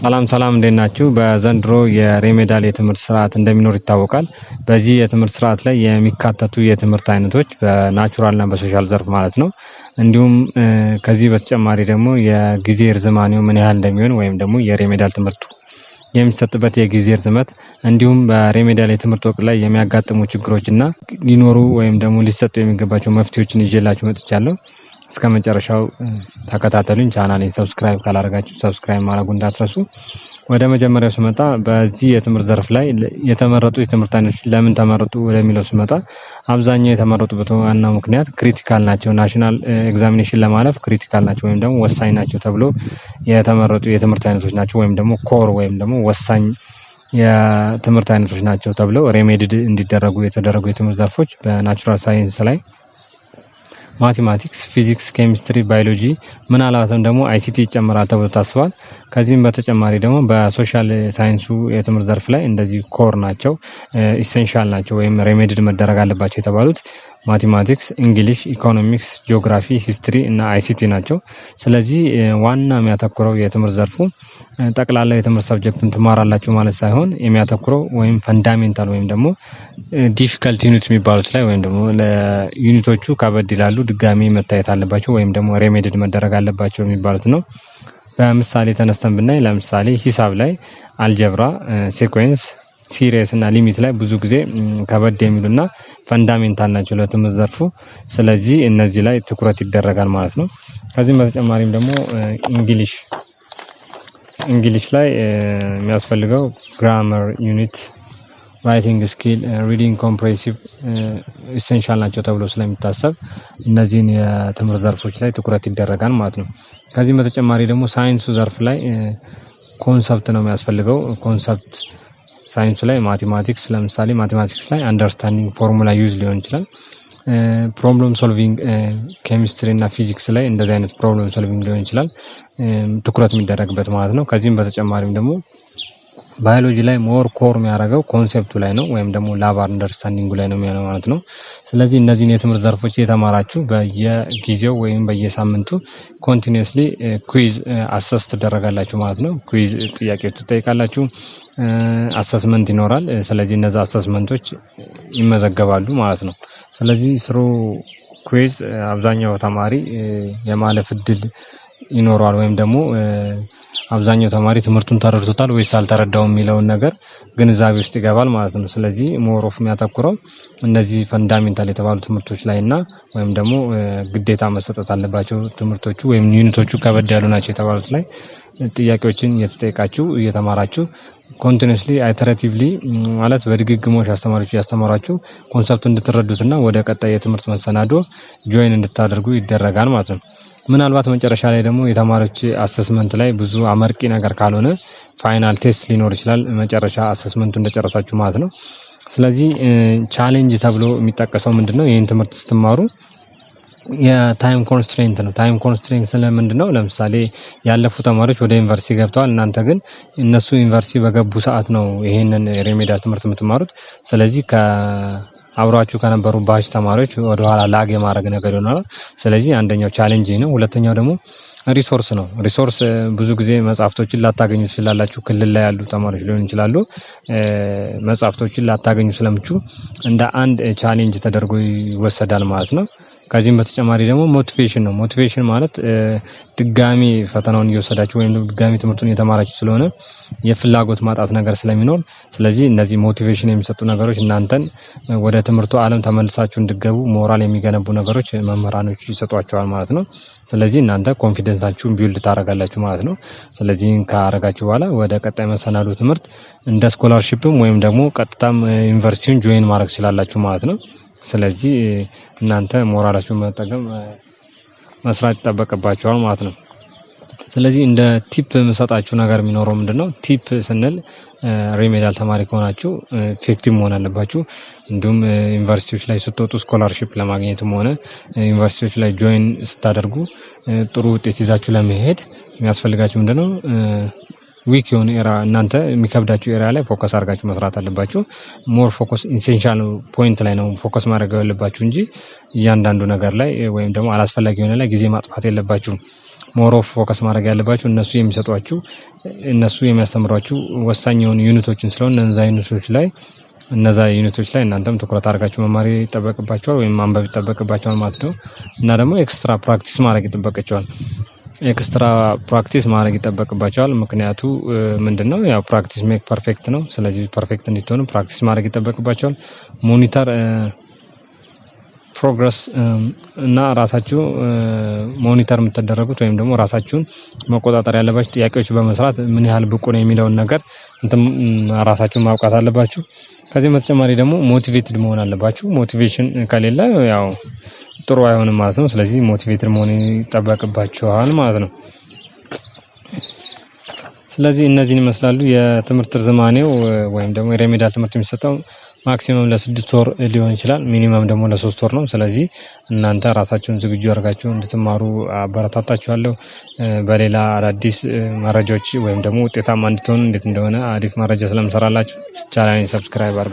ሰላም ሰላም እንዴት ናችሁ? በዘንድሮ የሬሜዳል የትምህርት ስርዓት እንደሚኖር ይታወቃል። በዚህ የትምህርት ስርዓት ላይ የሚካተቱ የትምህርት አይነቶች በናቹራልና በሶሻል ዘርፍ ማለት ነው። እንዲሁም ከዚህ በተጨማሪ ደግሞ የጊዜ እርዝማኔው ምን ያህል እንደሚሆን ወይም ደግሞ የሬሜዳል ትምህርቱ የሚሰጥበት የጊዜ እርዝመት እንዲሁም በሬሜዳል የትምህርት ወቅት ላይ የሚያጋጥሙ ችግሮችና ሊኖሩ ወይም ደግሞ ሊሰጡ የሚገባቸው መፍትሄዎችን ይዤላችሁ መጥቻለሁ። እስከ መጨረሻው ተከታተሉኝ። ቻናሌን ሰብስክራይብ ካላደረጋችሁ ሰብስክራይብ ማድረጉ እንዳትረሱ። ወደ መጀመሪያው ስመጣ በዚህ የትምህርት ዘርፍ ላይ የተመረጡ የትምህርት አይነቶች ለምን ተመረጡ ወደሚለው ስመጣ አብዛኛው የተመረጡበት ዋና ምክንያት ክሪቲካል ናቸው፣ ናሽናል ኤግዛሚኔሽን ለማለፍ ክሪቲካል ናቸው ወይም ደግሞ ወሳኝ ናቸው ተብሎ የተመረጡ የትምህርት አይነቶች ናቸው ወይም ደግሞ ኮር ወይም ደግሞ ወሳኝ የትምህርት አይነቶች ናቸው ተብለው ሬሜድድ እንዲደረጉ የተደረጉ የትምህርት ዘርፎች በናቹራል ሳይንስ ላይ ማቴማቲክስ፣ ፊዚክስ፣ ኬሚስትሪ፣ ባዮሎጂ ምናልባትም ደግሞ አይሲቲ ይጨምራል ተብሎ ታስቧል። ከዚህም በተጨማሪ ደግሞ በሶሻል ሳይንሱ የትምህርት ዘርፍ ላይ እንደዚህ ኮር ናቸው ኢሴንሻል ናቸው ወይም ሬሜድድ መደረግ አለባቸው የተባሉት ማቴማቲክስ፣ እንግሊሽ፣ ኢኮኖሚክስ፣ ጂኦግራፊ፣ ሂስትሪ እና አይሲቲ ናቸው። ስለዚህ ዋና የሚያተኩረው የትምህርት ዘርፉ ጠቅላላ የትምህርት ሰብጀክትን ትማራላችሁ ማለት ሳይሆን የሚያተኩረው ወይም ፈንዳሜንታል ወይም ደግሞ ዲፊካልት ዩኒት የሚባሉት ላይ ወይም ደግሞ ለዩኒቶቹ ከበድ ይላሉ ድጋሚ መታየት አለባቸው ወይም ደግሞ ሬሜድድ መደረግ አለባቸው የሚባሉት ነው። በምሳሌ ተነስተን ብናይ ለምሳሌ ሂሳብ ላይ አልጀብራ፣ ሴኮንስ ሲሪየስ እና ሊሚት ላይ ብዙ ጊዜ ከበድ የሚሉና ፈንዳሜንታል ናቸው ለትምህርት ዘርፉ። ስለዚህ እነዚህ ላይ ትኩረት ይደረጋል ማለት ነው። ከዚህም በተጨማሪም ደግሞ እንግሊሽ እንግሊሽ ላይ የሚያስፈልገው ግራመር ዩኒት፣ ራይቲንግ ስኪል፣ ሪዲንግ ኮምፕሬሲቭ ኢሴንሻል ናቸው ተብሎ ስለሚታሰብ እነዚህን የትምህርት ዘርፎች ላይ ትኩረት ይደረጋል ማለት ነው። ከዚህም በተጨማሪ ደግሞ ሳይንሱ ዘርፍ ላይ ኮንሰፕት ነው የሚያስፈልገው ኮንሰፕት ሳይንስ ላይ ማቴማቲክስ ለምሳሌ ማቴማቲክስ ላይ አንደርስታንዲንግ ፎርሙላ ዩዝ ሊሆን ይችላል። ፕሮብለም ሶልቪንግ ኬሚስትሪ እና ፊዚክስ ላይ እንደዚህ አይነት ፕሮብለም ሶልቪንግ ሊሆን ይችላል። ትኩረት የሚደረግበት ማለት ነው። ከዚህም በተጨማሪም ደግሞ ባዮሎጂ ላይ ሞር ኮር የሚያደርገው ኮንሴፕቱ ላይ ነው ወይም ደግሞ ላብ አንደርስታንዲንጉ ላይ ነው የሚሆነው ማለት ነው። ስለዚህ እነዚህን የትምህርት ዘርፎች የተማራችሁ በየጊዜው ወይም በየሳምንቱ ኮንቲኒስሊ ኩዊዝ አሰስ ትደረጋላችሁ ማለት ነው። ኩዊዝ ጥያቄ ትጠይቃላችሁ፣ አሰስመንት uh, ይኖራል። uh, ስለዚህ እነዚ አሰስመንቶች ይመዘገባሉ ማለት ነው። ስለዚህ ስሩ ኩዊዝ uh, አብዛኛው ተማሪ የማለፍ እድል ይኖረዋል ወይም ደግሞ አብዛኛው ተማሪ ትምህርቱን ተረድቶታል ወይስ አልተረዳውም የሚለውን ነገር ግንዛቤ ውስጥ ይገባል ማለት ነው። ስለዚህ ሞሮፍ የሚያተኩረው እነዚህ ፈንዳሜንታል የተባሉ ትምህርቶች ላይ እና ወይም ደግሞ ግዴታ መሰጠት አለባቸው ትምህርቶቹ ወይም ዩኒቶቹ ከበድ ያሉ ናቸው የተባሉት ላይ ጥያቄዎችን እየተጠየቃችሁ እየተማራችሁ ኮንቲኒየስሊ አይተረቲቭሊ ማለት በድግግሞሽ አስተማሪዎች እያስተማራችሁ ኮንሰፕቱ እንድትረዱትና ወደ ቀጣይ የትምህርት መሰናዶ ጆይን እንድታደርጉ ይደረጋል ማለት ነው። ምናልባት መጨረሻ ላይ ደግሞ የተማሪዎች አሰስመንት ላይ ብዙ አመርቂ ነገር ካልሆነ ፋይናል ቴስት ሊኖር ይችላል፣ መጨረሻ አሰስመንቱ እንደጨረሳችሁ ማለት ነው። ስለዚህ ቻሌንጅ ተብሎ የሚጠቀሰው ምንድነው? ይህን ትምህርት ስትማሩ የታይም ኮንስትሬንት ነው። ታይም ኮንስትሬንት ስለምንድን ነው? ለምሳሌ ያለፉ ተማሪዎች ወደ ዩኒቨርሲቲ ገብተዋል። እናንተ ግን እነሱ ዩኒቨርሲቲ በገቡ ሰዓት ነው ይህንን ሪሜዲያል ትምህርት የምትማሩት። ስለዚህ አብሯችሁ ከነበሩ ባች ተማሪዎች ወደኋላ ላግ የማድረግ ነገር ይሆናል። ስለዚህ አንደኛው ቻሌንጅ ነው። ሁለተኛው ደግሞ ሪሶርስ ነው። ሪሶርስ ብዙ ጊዜ መጽሐፍቶችን ላታገኙ ትችላላችሁ። ክልል ላይ ያሉ ተማሪዎች ሊሆን ይችላሉ። መጽሐፍቶችን ላታገኙ ስለምቹ እንደ አንድ ቻሌንጅ ተደርጎ ይወሰዳል ማለት ነው። ከዚህም በተጨማሪ ደግሞ ሞቲቬሽን ነው። ሞቲቬሽን ማለት ድጋሚ ፈተናውን እየወሰዳችሁ ወይም ድጋሚ ትምህርቱን እየተማራችሁ ስለሆነ የፍላጎት ማጣት ነገር ስለሚኖር፣ ስለዚህ እነዚህ ሞቲቬሽን የሚሰጡ ነገሮች እናንተን ወደ ትምህርቱ ዓለም ተመልሳችሁ እንድገቡ ሞራል የሚገነቡ ነገሮች መምህራኖች ይሰጧቸዋል ማለት ነው። ስለዚህ እናንተ ኮንፊደንሳችሁን ቢውልድ ታደርጋላችሁ ማለት ነው። ስለዚህ ካረጋችሁ በኋላ ወደ ቀጣይ መሰናዱ ትምህርት እንደ ስኮላርሽፕም ወይም ደግሞ ቀጥታም ዩኒቨርሲቲውን ጆይን ማድረግ ትችላላችሁ ማለት ነው። ስለዚህ እናንተ ሞራላችሁን መጠቀም መስራት ይጠበቅባቸዋል ማለት ነው። ስለዚህ እንደ ቲፕ የምሰጣችሁ ነገር የሚኖረው ምንድነው? ቲፕ ስንል ሪሜዳል ተማሪ ከሆናችሁ ኢፌክቲቭ መሆን አለባችሁ። እንዲሁም ዩኒቨርሲቲዎች ላይ ስትወጡ ስኮላርሽፕ ለማግኘትም ሆነ ዩኒቨርሲቲዎች ላይ ጆይን ስታደርጉ ጥሩ ውጤት ይዛችሁ ለመሄድ የሚያስፈልጋችሁ ምንድነው ዊክ የሆነ ኤራ እናንተ የሚከብዳችሁ ኤራ ላይ ፎከስ አድርጋችሁ መስራት አለባችሁ። ሞር ፎከስ ኢንሴንሻል ፖይንት ላይ ነው ፎከስ ማድረግ ያለባችሁ እንጂ እያንዳንዱ ነገር ላይ ወይም ደግሞ አላስፈላጊ የሆነ ላይ ጊዜ ማጥፋት የለባችሁም። ሞር ኦፍ ፎከስ ማድረግ ያለባችሁ እነሱ የሚሰጧችሁ እነሱ የሚያስተምሯችሁ ወሳኝ የሆኑ ዩኒቶችን ስለሆነ እነዛ ዩኒቶች ላይ እነዛ ዩኒቶች ላይ እናንተም ትኩረት አድርጋችሁ መማር ይጠበቅባቸዋል ወይም ማንበብ ይጠበቅባቸዋል ማለት ነው። እና ደግሞ ኤክስትራ ፕራክቲስ ማድረግ ይጠበቅቸዋል። ኤክስትራ ፕራክቲስ ማድረግ ይጠበቅባቸዋል። ምክንያቱ ምንድነው? ያው ፕራክቲስ ሜክ ፐርፌክት ነው። ስለዚህ ፐርፌክት እንዲትሆኑ ፕራክቲስ ማድረግ ይጠበቅባቸዋል። ሞኒተር ፕሮግረስ እና ራሳችሁ ሞኒተር የምትደረጉት ወይም ደግሞ ራሳችሁን መቆጣጠር ያለባችሁ ጥያቄዎች በመስራት ምን ያህል ብቁ ነው የሚለውን ነገር ራሳችሁን ማውቃት አለባችሁ። ከዚህም በተጨማሪ ደግሞ ሞቲቬትድ መሆን አለባችሁ። ሞቲቬሽን ከሌለ ያው ጥሩ አይሆንም ማለት ነው። ስለዚህ ሞቲቬትድ መሆን ይጠበቅባቸዋል ማለት ነው። ስለዚህ እነዚህን ይመስላሉ የትምህርት ርዝማኔው ወይም ደግሞ የሬሜዳል ትምህርት የሚሰጠው ማክሲመም ለስድስት ወር ሊሆን ይችላል። ሚኒመም ደግሞ ለሶስት ወር ነው። ስለዚህ እናንተ ራሳችሁን ዝግጁ አድርጋችሁ እንድትማሩ አበረታታችኋለሁ። በሌላ አዳዲስ መረጃዎች ወይም ደግሞ ውጤታማ እንድትሆኑ እንዴት እንደሆነ አሪፍ መረጃ ስለምሰራላችሁ ቻናሌን ሰብስክራይብ አድርጉ።